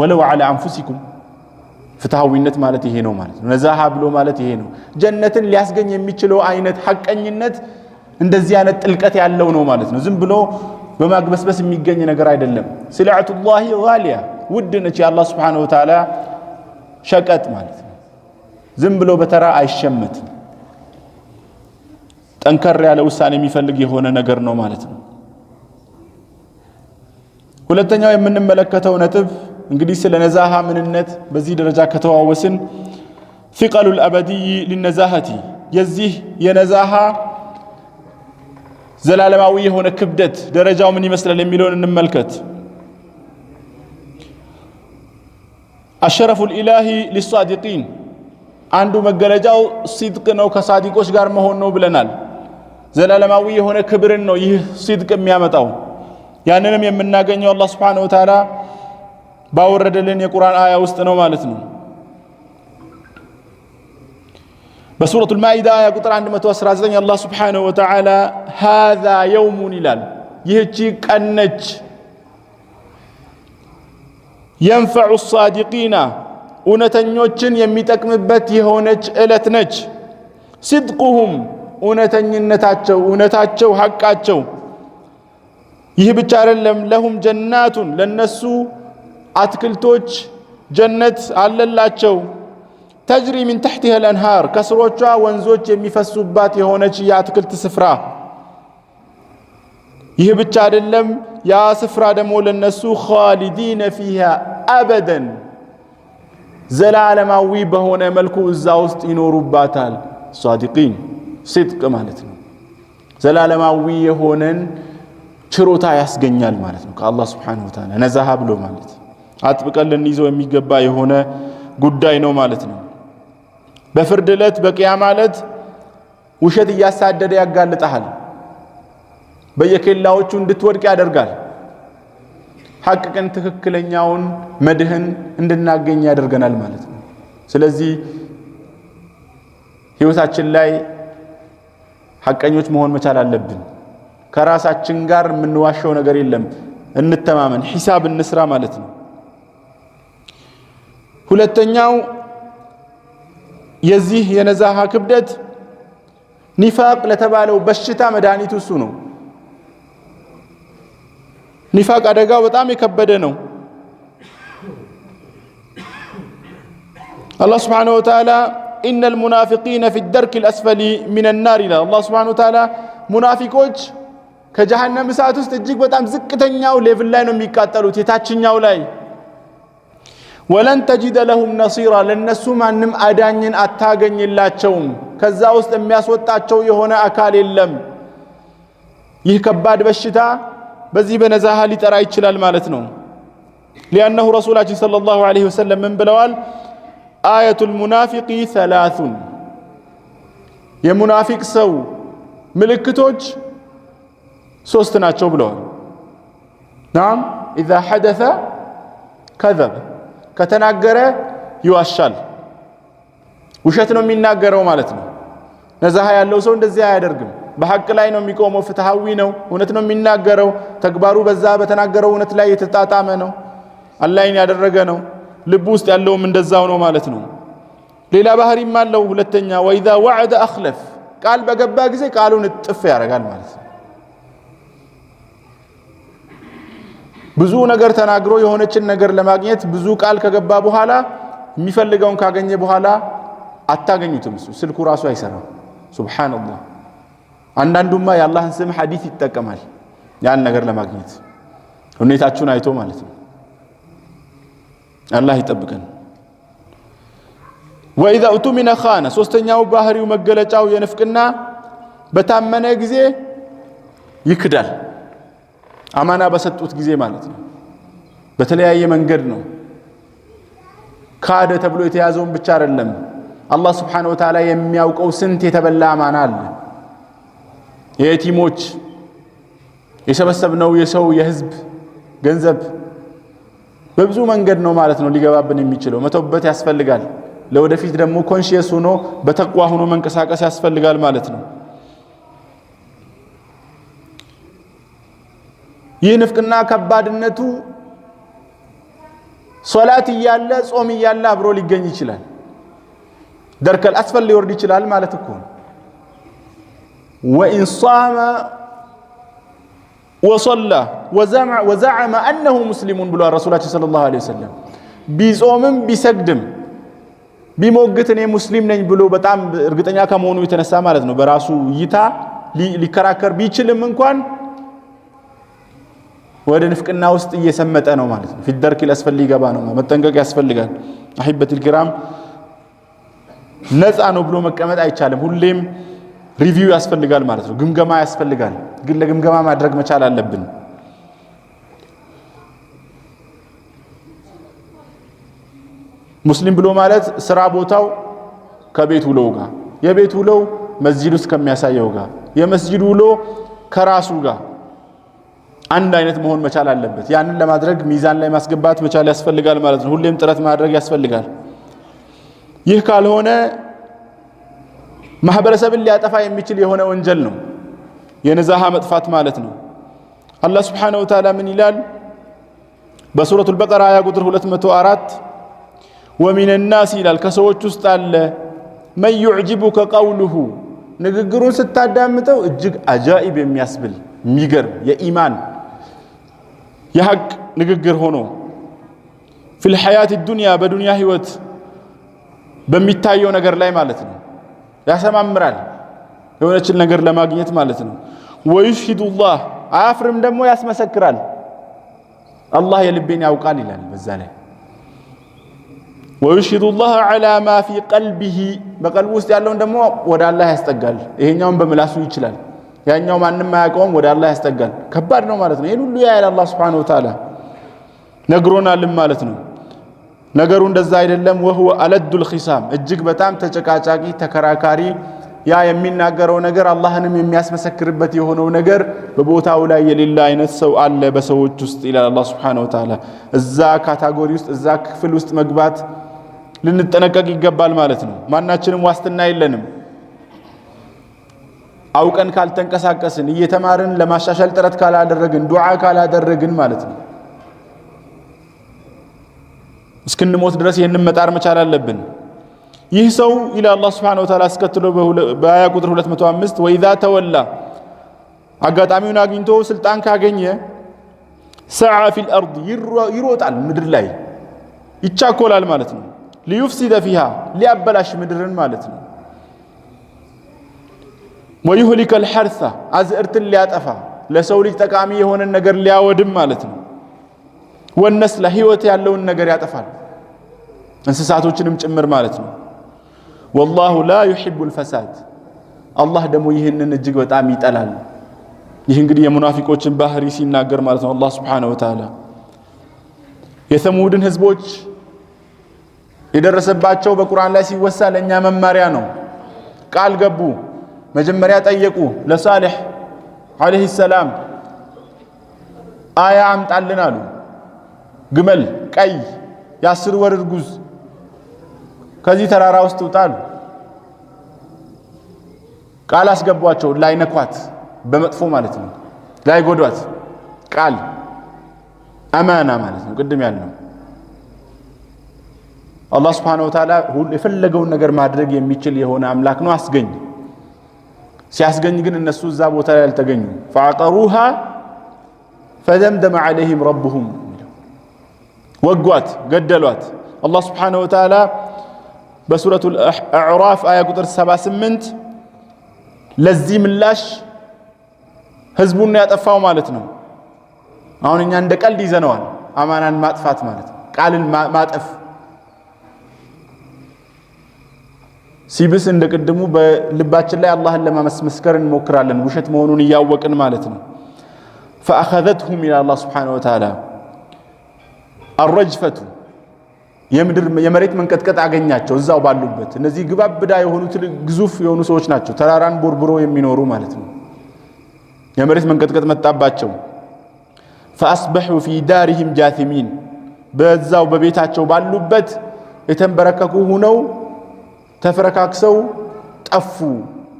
ወለው ዓላ አንፉሲኩም ፍትሐዊነት ማለት ይሄ ነው ማለት ነው። ነዛሃ ብሎ ማለት ይሄ ነው። ጀነትን ሊያስገኝ የሚችለው አይነት ሐቀኝነት እንደዚህ አይነት ጥልቀት ያለው ነው ማለት ነው። ዝም ብሎ በማግበስበስ የሚገኝ ነገር አይደለም። ስልዐቱላሂ ጋሊያ ውድ ነች፣ የአላህ ሱብሓነሁ ወተዓላ ሸቀጥ ማለት ነው። ዝም ብሎ በተራ አይሸመትም። ጠንከር ያለ ውሳኔ የሚፈልግ የሆነ ነገር ነው ማለት ነው። ሁለተኛው የምንመለከተው ነጥብ እንግዲህ ስለ ነዛሃ ምንነት በዚህ ደረጃ ከተዋወስን ፊቀሉል አበድይ ሊነዛሃቲ የዚህ የነዛሃ ዘላለማዊ የሆነ ክብደት ደረጃው ምን ይመስላል የሚለውን እንመልከት። አሸረፉል ኢላሂ ሊሳዲቂን አንዱ መገለጫው ሲድቅ ነው፣ ከሳዲቆች ጋር መሆን ነው ብለናል። ዘላለማዊ የሆነ ክብርን ነው ይህ ሲድቅ የሚያመጣው። ያንንም የምናገኘው አላህ ሱብሓነሁ ወተዓላ ባወረደልን የቁርአን አያ ውስጥ ነው ማለት ነው። በሱረቱል ማኢዳ አያ ቁጥር 119 አላህ ሱብሓነሁ ወተዓላ ሃዛ የውሙን ይላል፣ ይህቺ ቀን የንፈዑ ሳዲቂና እውነተኞችን የሚጠቅምበት የሆነች ዕለት ነች። ሲድቁሁም እውነተኝነታቸው፣ እውነታቸው፣ ሐቃቸው። ይህ ብቻ አይደለም። ለሁም ጀናቱን ለነሱ አትክልቶች ጀነት አለላቸው ተጅሪ ሚን ተሕቲሃ ልአንሃር ከስሮቿ ወንዞች የሚፈሱባት የሆነች የአትክልት ስፍራ። ይህ ብቻ አይደለም፣ ያ ስፍራ ደግሞ ለነሱ ኻሊዲነ ፊሃ አበደን ዘላለማዊ በሆነ መልኩ እዛ ውስጥ ይኖሩባታል። ሳዲቂን ሲድቅ ማለት ነው። ዘላለማዊ የሆነን ችሮታ ያስገኛል ማለት ነው። ከአላህ ስብሓነሁ ወተዓላ ነዛሃ ብሎ ማለት አጥብቀን ልንይዘው የሚገባ የሆነ ጉዳይ ነው ማለት ነው። በፍርድ ዕለት በቅያማ ዕለት ውሸት እያሳደደ ያጋልጠሃል። በየኬላዎቹ እንድትወድቅ ያደርጋል። ሐቅ ግን ትክክለኛውን መድህን እንድናገኝ ያደርገናል ማለት ነው። ስለዚህ ህይወታችን ላይ ሐቀኞች መሆን መቻል አለብን። ከራሳችን ጋር የምንዋሸው ነገር የለም። እንተማመን፣ ሂሳብ እንስራ ማለት ነው። ሁለተኛው የዚህ የነዛሃ ክብደት ኒፋቅ ለተባለው በሽታ መድኃኒቱ እሱ ነው። ኒፋቅ አደጋው በጣም የከበደ ነው። አላህ ስብሓነሁ ወተዓላ ኢነል ሙናፊቂነ ፊ ደርኪል አስፈሊ ሚነን ናር ይላል። አላህ ስብሓነሁ ወተዓላ ሙናፊቆች ከጀሃነም እሳት ውስጥ እጅግ በጣም ዝቅተኛው ሌቭል ላይ ነው የሚቃጠሉት፣ የታችኛው ላይ ወለን ተጂደ ለሁም ነሲራ ለነሱ ማንም አዳኝን አታገኝላቸውም። ከዛ ውስጥ የሚያስወጣቸው የሆነ አካል የለም። ይህ ከባድ በሽታ በዚህ በነዛሃ ሊጠራ ይችላል ማለት ነው። ሊአነሁ ረሱላችን ሰለላሁ ዐለይሂ ወሰለም ምን ብለዋል? አየቱል ሙናፊቂ ሰላቱን የሙናፊቅ ሰው ምልክቶች ሶስት ናቸው ብለዋል። ናም ኢዛ ሐደሰ ከዘበ ከተናገረ ይዋሻል። ውሸት ነው የሚናገረው ማለት ነው። ነዛሃ ያለው ሰው እንደዚህ አያደርግም። በሐቅ ላይ ነው የሚቆመው። ፍትሐዊ ነው። እውነት ነው የሚናገረው። ተግባሩ በዛ በተናገረው እውነት ላይ የተጣጣመ ነው። አላይን ያደረገ ነው። ልብ ውስጥ ያለውም እንደዛው ነው ማለት ነው። ሌላ ባህሪም አለው። ሁለተኛ ወኢዛ ወዐደ አኽለፍ፣ ቃል በገባ ጊዜ ቃሉን እጥፍ ያደርጋል ማለት ነው። ብዙ ነገር ተናግሮ የሆነችን ነገር ለማግኘት ብዙ ቃል ከገባ በኋላ የሚፈልገውን ካገኘ በኋላ አታገኙትም። እሱ ስልኩ ራሱ አይሰራም። ሱብሓነላህ። አንዳንዱማ የአላህን ስም ሐዲት ይጠቀማል ያን ነገር ለማግኘት ሁኔታችሁን አይቶ ማለት ነው። አላህ ይጠብቀን። ወኢዛ ኡቱሚነ ኻነ። ሶስተኛው ባህሪው መገለጫው የንፍቅና በታመነ ጊዜ ይክዳል። አማና በሰጡት ጊዜ ማለት ነው። በተለያየ መንገድ ነው። ካደ ተብሎ የተያዘውን ብቻ አይደለም። አላህ ስብሓነሁ ወተዓላ የሚያውቀው ስንት የተበላ አማና አለ። የየቲሞች የሰበሰብነው የሰው የህዝብ ገንዘብ በብዙ መንገድ ነው ማለት ነው ሊገባብን የሚችለው መተውበት ያስፈልጋል። ለወደፊት ደግሞ ኮንሽየስ ሆኖ በተቋ ሆኖ መንቀሳቀስ ያስፈልጋል ማለት ነው። ይህ ንፍቅና ከባድነቱ ሶላት እያለ ጾም እያለ አብሮ ሊገኝ ይችላል። ደርከል አስፈል ሊወርድ ይችላል ማለት እኮ ነው። ወኢን ሷመ ወሶላ ወዘዐመ አነሁ ሙስሊሙን ብሏል ረሱላችን ሰለላሁ ዐለይሂ ወሰለም። ቢጾምም ቢሰግድም ቢሞግት እኔ ሙስሊም ነኝ ብሎ በጣም እርግጠኛ ከመሆኑ የተነሳ ማለት ነው በራሱ እይታ ሊከራከር ቢችልም እንኳን ወደ ንፍቅና ውስጥ እየሰመጠ ነው ማለት ነው። ፊደርክ ሊያስፈል ይገባ ነው። መጠንቀቅ ያስፈልጋል። አሂበትል ኪራም ነፃ ነው ብሎ መቀመጥ አይቻልም። ሁሌም ሪቪው ያስፈልጋል ማለት ነው። ግምገማ ያስፈልጋል። ግን ለግምገማ ማድረግ መቻል አለብን። ሙስሊም ብሎ ማለት ስራ ቦታው ከቤት ውሎው ጋር፣ የቤት ውሎው መስጂድ ውስጥ ከሚያሳየው ጋር፣ የመስጂድ ውሎ ከራሱ ጋር አንድ አይነት መሆን መቻል አለበት። ያንን ለማድረግ ሚዛን ላይ ማስገባት መቻል ያስፈልጋል ማለት ነው። ሁሌም ጥረት ማድረግ ያስፈልጋል። ይህ ካልሆነ ማህበረሰብን ሊያጠፋ የሚችል የሆነ ወንጀል ነው፣ የነዛሃ መጥፋት ማለት ነው። አላህ ስብሓነሁ ወተዓላ ምን ይላል? በሱረቱል በቀራ አያ ቁጥር 204 ወሚን ናስ ይላል ከሰዎች ውስጥ አለ መን ዩዕጅቡከ ቀውሉሁ ንግግሩን ስታዳምጠው እጅግ አጃኢብ የሚያስብል የሚገርም የኢማን የሐቅ ንግግር ሆኖ ፊል ዱንያ በዱንያ ህይወት በሚታየው ነገር ላይ ማለት ነው። ያሰማምራል የሆነችን ነገር ለማግኘት ማለት ነው። ወዩሽሂዱላህ አያፍርም ደግሞ ያስመሰክራል። አላህ የልቤን ያውቃል ይላል በዛ ላይ ወዩሽሂዱላህ ዐላ ማ ፊ ቀልቢሂ በቀልቡ ውስጥ ያለውን ደግሞ ወደ አላህ ያስጠጋል። ይሄኛውን በምላሱ ይችላል። ያኛው ማንም አያውቀውም ወደ አላህ ያስጠጋል። ከባድ ነው ማለት ነው። ይህን ሁሉ ያያል አላህ ሱብሓነሁ ወተዓላ ነግሮናልም ማለት ነው። ነገሩ እንደዛ አይደለም። ወህወ አለዱል ኺሳም እጅግ በጣም ተጨቃጫቂ ተከራካሪ፣ ያ የሚናገረው ነገር አላህንም የሚያስመሰክርበት የሆነው ነገር በቦታው ላይ የሌለ አይነት ሰው አለ በሰዎች ውስጥ ይላል አላህ ሱብሓነሁ ወተዓላ። እዛ ካታጎሪ ውስጥ እዛ ክፍል ውስጥ መግባት ልንጠነቀቅ ይገባል ማለት ነው። ማናችንም ዋስትና የለንም። አውቀን ካልተንቀሳቀስን እየተማርን ለማሻሻል ጥረት ካላደረግን ዱዓ ካላደረግን ማለት ነው እስክንሞት ድረስ ይህንን መጣር መቻል አለብን። ይህ ሰው ኢላ አላህ ስብሓነሁ ወተዓላ አስከትሎ በአያ ቁጥር 205 ወኢዛ ተወላ አጋጣሚውን አግኝቶ ስልጣን ካገኘ ሰዓ ፊል አርድ ይሮጣል፣ ምድር ላይ ይቻኮላል ማለት ነው። ሊዩፍሲደ ፊሃ ሊያበላሽ ምድርን ማለት ነው። ወይሁሊከል ሐርሳ አዝእርትን ሊያጠፋ ለሰው ልጅ ጠቃሚ የሆነን ነገር ሊያወድም ማለት ነው። ወነስላ ህይወት ያለውን ነገር ያጠፋል፣ እንስሳቶችንም ጭምር ማለት ነው። ወላሁ ላ ዩሒቡል ፈሳድ አላህ ደግሞ ይህንን እጅግ በጣም ይጠላል። ይህ እንግዲህ የሙናፊቆችን ባህሪ ሲናገር ማለት ነው አላህ ሱብሓነሁ ወተዓላ የሰሙድን ህዝቦች የደረሰባቸው በቁርአን ላይ ሲወሳ ለእኛ መማሪያ ነው። ቃል ገቡ መጀመሪያ ጠየቁ ለሳሌሕ ዓለይሂ ሰላም አያ አምጣልን አሉ። ግመል ቀይ የአስር ወር እርጉዝ ከዚህ ተራራ ውስጥ ውጣ አሉ። ቃል አስገቧቸው ላይነኳት በመጥፎ ማለት ነው ላይጎዷት ቃል አማና ማለት ነው። ቅድም ያልነው አላህ ስብሓነሁ ወተዓላ የፈለገውን ነገር ማድረግ የሚችል የሆነ አምላክ ነው። አስገኝ ሲያስገኝ ግን እነሱ እዛ ቦታ ላይ አልተገኙ። ፈዐቀሩሃ ፈደምደመ ዐለይሂም ረብሁም ወጓት፣ ገደሏት። አላህ ስብሓነሁ ወተዓላ በሱረቱል አዕራፍ አያ ቁጥር 78 ለዚህ ምላሽ ህዝቡን ያጠፋው ማለት ነው። አሁን እኛ እንደ ቀልድ ይዘነዋል። አማናን ማጥፋት ማለት ቃልን ማጠፍ ሲብስ እንደ ቅድሙ በልባችን ላይ አላህን ለማመስመስከር እንሞክራለን፣ ውሸት መሆኑን እያወቅን ማለት ነው። ፈአኸዘትሁም ይላል አላህ ስብሓነሁ ወተዓላ አረጅፈቱ የመሬት መንቀጥቀጥ አገኛቸው እዛው ባሉበት። እነዚህ ግባብዳ የሆኑ ግዙፍ የሆኑ ሰዎች ናቸው፣ ተራራን ቦርቡሮ የሚኖሩ ማለት ነው። የመሬት መንቀጥቀጥ መጣባቸው። ፈአስበሑ ፊ ዳሪሂም ጃቲሚን በዛው በቤታቸው ባሉበት የተንበረከኩ ሁነው ተፈረካክሰው ጠፉ፣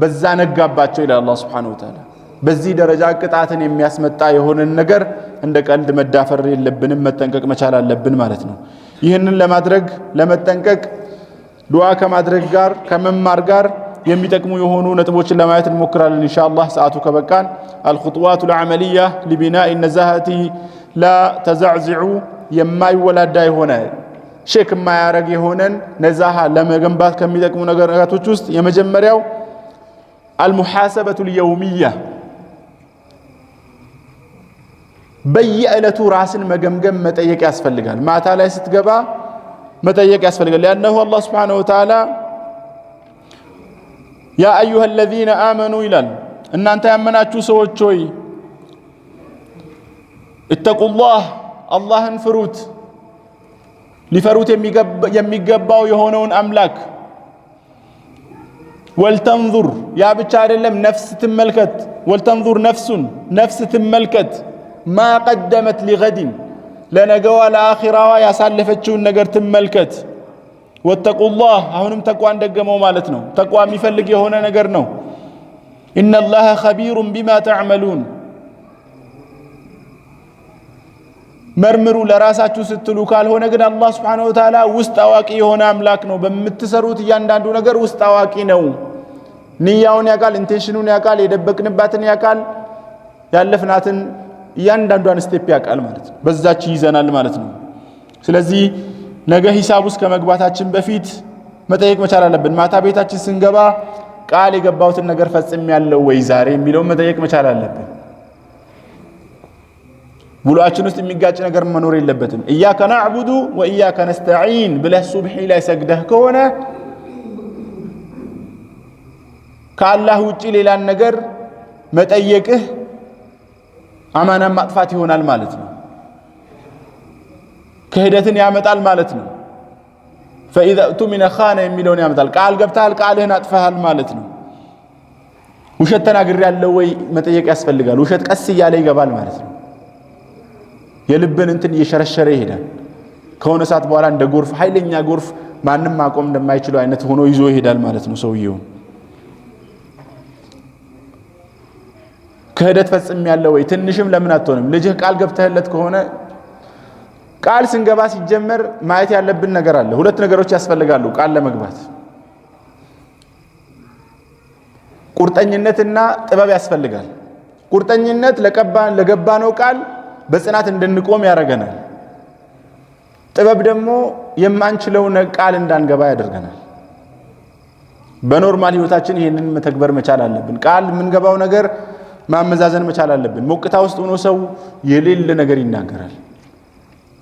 በዛ ነጋባቸው ይላል አላህ ሱብሓነሁ ወተዓላ። በዚህ ደረጃ ቅጣትን የሚያስመጣ የሆነን ነገር እንደ ቀልድ መዳፈር የለብንም፣ መጠንቀቅ መቻል አለብን ማለት ነው። ይህንን ለማድረግ ለመጠንቀቅ ዱዓ ከማድረግ ጋር ከመማር ጋር የሚጠቅሙ የሆኑ ነጥቦችን ለማየት እንሞክራለን ኢንሻአላህ ሰዓቱ ከበቃን። አልኹጡዋቱ ልዓመልያ ሊቢናኢ ነዛህቲ ላ ተዛዕዝዑ የማይወላዳ የሆነ ሼክ የማያረግ የሆነን ነዛሃ ለመገንባት ከሚጠቅሙ ነገራቶች ውስጥ የመጀመሪያው አልሙሐሰበቱል የውሚያ በየዕለቱ ራስን መገምገም መጠየቅ ያስፈልጋል። ማታ ላይ ስትገባ መጠየቅ ያስፈልጋል። ያነሁ አላህ ስብሓነሁ ወተዓላ ያ አዩሃ አለዚነ አመኑ ይላል፣ እናንተ ያመናችሁ ሰዎች ሆይ እተቁላህ አላህን ፍሩት ሊፈሩት የሚገባው የሆነውን አምላክ ወልተንዙር ያ ብቻ አይደለም፣ ነፍስ ትመልከት። ወልተንዙር ነፍሱን ነፍስ ትመልከት ማ ቀደመት ሊገድን ለነገዋ ለአኺራዋ ያሳለፈችውን ነገር ትመልከት። ወተቁላህ አሁንም ተቋን ደገመው ማለት ነው። ተቋ የሚፈልግ የሆነ ነገር ነው። ኢነላሃ ኸቢሩን ቢማ ተዕመሉን መርምሩ ለራሳችሁ ስትሉ ካልሆነ ግን አላህ ሱብሓነሁ ወተዓላ ውስጥ አዋቂ የሆነ አምላክ ነው። በምትሰሩት እያንዳንዱ ነገር ውስጥ አዋቂ ነው። ንያውን ያውቃል፣ ኢንቴንሽኑን ያውቃል፣ የደበቅንባትን ያውቃል፣ ያለፍናትን እያንዳንዷን ስቴፕ ያውቃል ማለት ነው። በዛች ይዘናል ማለት ነው። ስለዚህ ነገ ሂሳብ ውስጥ ከመግባታችን በፊት መጠየቅ መቻል አለብን። ማታ ቤታችን ስንገባ ቃል የገባሁትን ነገር ያለው ወይ ዛሬ የሚለውን መጠየቅ መቻል አለብን። ውሏችን ውስጥ የሚጋጭ ነገር መኖር የለበትም። እያከ ናዕቡዱ ወእያከ ነስተዒን ብለህ ሱብሒ ላይ ሰግደህ ከሆነ ከአላህ ውጭ ሌላን ነገር መጠየቅህ አማናን ማጥፋት ይሆናል ማለት ነው። ክህደትን ያመጣል ማለት ነው። ፈኢዛ እቱሚነ ኻነ የሚለውን ያመጣል። ቃል ገብተሃል፣ ቃልህን አጥፈሃል ማለት ነው። ውሸት ተናግሬያለሁ ወይ መጠየቅ ያስፈልጋል። ውሸት ቀስ እያለ ይገባል ማለት ነው። የልብን እንትን እየሸረሸረ ይሄዳል። ከሆነ ሰዓት በኋላ እንደ ጎርፍ፣ ኃይለኛ ጎርፍ ማንም ማቆም እንደማይችለው አይነት ሆኖ ይዞ ይሄዳል ማለት ነው ሰውየውን። ክህደት ፈጽም ያለ ወይ ትንሽም ለምን አትሆንም? ልጅህ ቃል ገብተህለት ከሆነ ቃል ስንገባ ሲጀመር ማየት ያለብን ነገር አለ። ሁለት ነገሮች ያስፈልጋሉ ቃል ለመግባት ቁርጠኝነትና ጥበብ ያስፈልጋል። ቁርጠኝነት ለገባነው ቃል በጽናት እንድንቆም ያደርገናል። ጥበብ ደግሞ የማንችለውን ቃል እንዳንገባ ያደርገናል። በኖርማል ህይወታችን ይህንን መተግበር መቻል አለብን። ቃል የምንገባው ነገር ማመዛዘን መቻል አለብን። ሞቅታ ውስጥ ሆኖ ሰው የሌለ ነገር ይናገራል።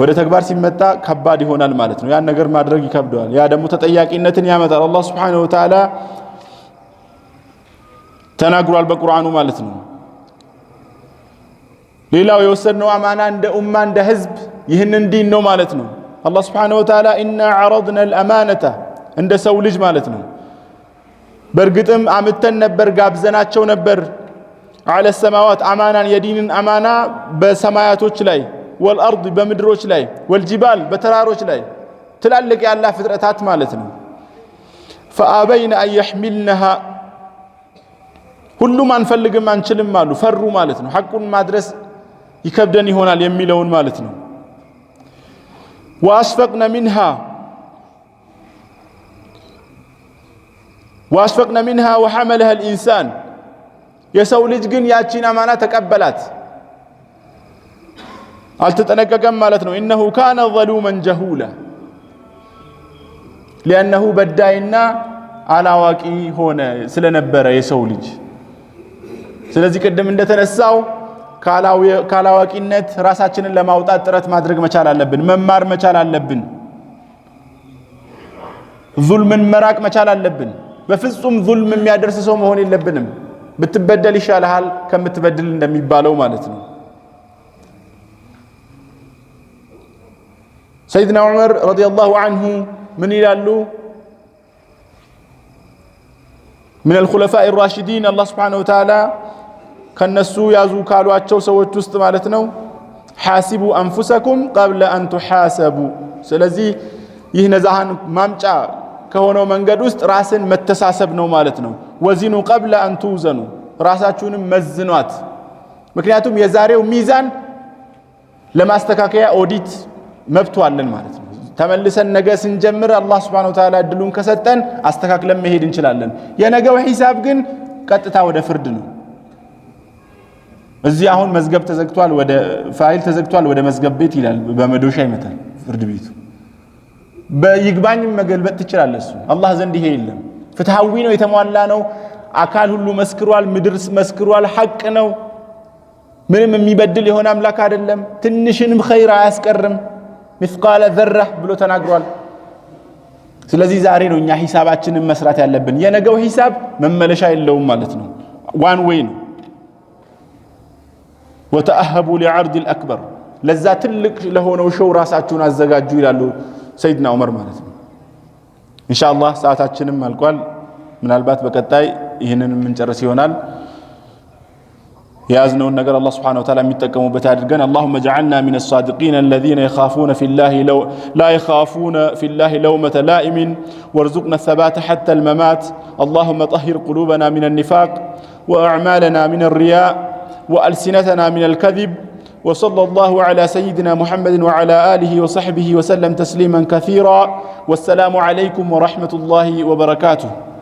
ወደ ተግባር ሲመጣ ከባድ ይሆናል ማለት ነው። ያን ነገር ማድረግ ይከብደዋል። ያ ደግሞ ተጠያቂነትን ያመጣል። አላህ ሱብሓነሁ ወተዓላ ተናግሯል በቁርአኑ ማለት ነው ሌላው የወሰድነው አማና እንደ ኡማ እንደ ህዝብ ይህንን ዲን ነው ማለት ነው። አላህ ሱብሓነሁ ወተዓላ ኢና ዐረድና አልአማነተ እንደ ሰው ልጅ ማለት ነው። በእርግጥም አምተን ነበር፣ ጋብዘናቸው ነበር። አለ ሰማዋት አማናን የዲንን አማና በሰማያቶች ላይ ወልአርድ በምድሮች ላይ ወልጅባል በተራሮች ላይ ትላልቅ ያላ ፍጥረታት ማለት ነው። ፈአበይነ አን የሕሚልነሃ ሁሉም አንፈልግም አንችልም አሉ፣ ፈሩ ማለት ነው። ሐቁን ማድረስ ይከብደን ይሆናል የሚለውን ማለት ነው። ወአስፈቅነ ሚንሃ ወአስፈቅነ ሚንሃ ወሐመለሃ ልኢንሳን የሰው ልጅ ግን ያቺን አማና ተቀበላት፣ አልተጠነቀቀም ማለት ነው። ኢነሁ ካነ ዘሉመን ጀሁላ ሊአነሁ በዳይና አላዋቂ ሆነ ስለነበረ የሰው ልጅ። ስለዚህ ቅድም እንደተነሳው ካላዋቂነት ራሳችንን ለማውጣት ጥረት ማድረግ መቻል አለብን። መማር መቻል አለብን። ዙልምን መራቅ መቻል አለብን። በፍጹም ዙልም የሚያደርስ ሰው መሆን የለብንም። ብትበደል ይሻልሃል ከምትበድል እንደሚባለው ማለት ነው። ሰይድና ዑመር ረዲየላሁ አንሁ ምን ይላሉ? ምን አልኹለፋኢ ራሽዲን አላህ ሱብሓነሁ ወተዓላ ከነሱ ያዙ ካሏቸው ሰዎች ውስጥ ማለት ነው። ሓሲቡ አንፉሰኩም ቀብለ አን ቱሓሰቡ። ስለዚህ ይህ ነዛህን ማምጫ ከሆነው መንገድ ውስጥ ራስን መተሳሰብ ነው ማለት ነው። ወዚኑ ቀብለ አን ትውዘኑ፣ ራሳችሁንም መዝኗት። ምክንያቱም የዛሬው ሚዛን ለማስተካከያ ኦዲት መብቱ አለን ማለት ነው። ተመልሰን ነገ ስንጀምር አላህ ሱብሓነሁ ወተዓላ እድሉን ከሰጠን አስተካክለን መሄድ እንችላለን። የነገው ሂሳብ ግን ቀጥታ ወደ ፍርድ ነው። እዚህ አሁን መዝገብ ተዘግቷል፣ ወደ ፋይል ተዘግቷል፣ ወደ መዝገብ ቤት ይላል። በመዶሻ ይመታል ፍርድ ቤቱ። በይግባኝም መገልበጥ ትችላለህ። እሱ አላህ ዘንድ ይሄ የለም። ፍትሐዊ ነው፣ የተሟላ ነው። አካል ሁሉ መስክሯል፣ ምድር መስክሯል። ሐቅ ነው። ምንም የሚበድል የሆነ አምላክ አይደለም። ትንሽንም ኸይር አያስቀርም። ሚስቃለ ዘራህ ብሎ ተናግሯል። ስለዚህ ዛሬ ነው እኛ ሂሳባችንን መስራት ያለብን። የነገው ሂሳብ መመለሻ የለውም ማለት ነው። ዋን ወይ ነው። ወተአሀቡ ሊዓርድ ልአክበር ለዛ ትልቅ ለሆነው ሾው ራሳችሁን አዘጋጁ ይላሉ ሰይድና ዑመር ማለት ነው። እንሻ አላህ ሰዓታችንም አልቋል። ምናልባት በቀጣይ ይህንን የምንጨርስ ይሆናል። የያዝነውን ነገር አላህ ስብሓነሁ ወተዓላ የሚጠቀሙበት አድርገን። አላሁመ ጀዐልና ሚነ ሳዲቂን አለዚነ የኻፉነ ላ የኻፉነ ፊላሂ ለውመተ ላኢሚን ወርዙቅነ ሰባተ ሐተ ልመማት አላሁመ ጠሂር ቁሉበና ሚነ ኒፋቅ ወአዕማለና ሚነ ሪያ وألسنتنا من الكذب وصلى الله على سيدنا محمد وعلى آله وصحبه وسلم تسليما كثيرا والسلام عليكم ورحمة الله وبركاته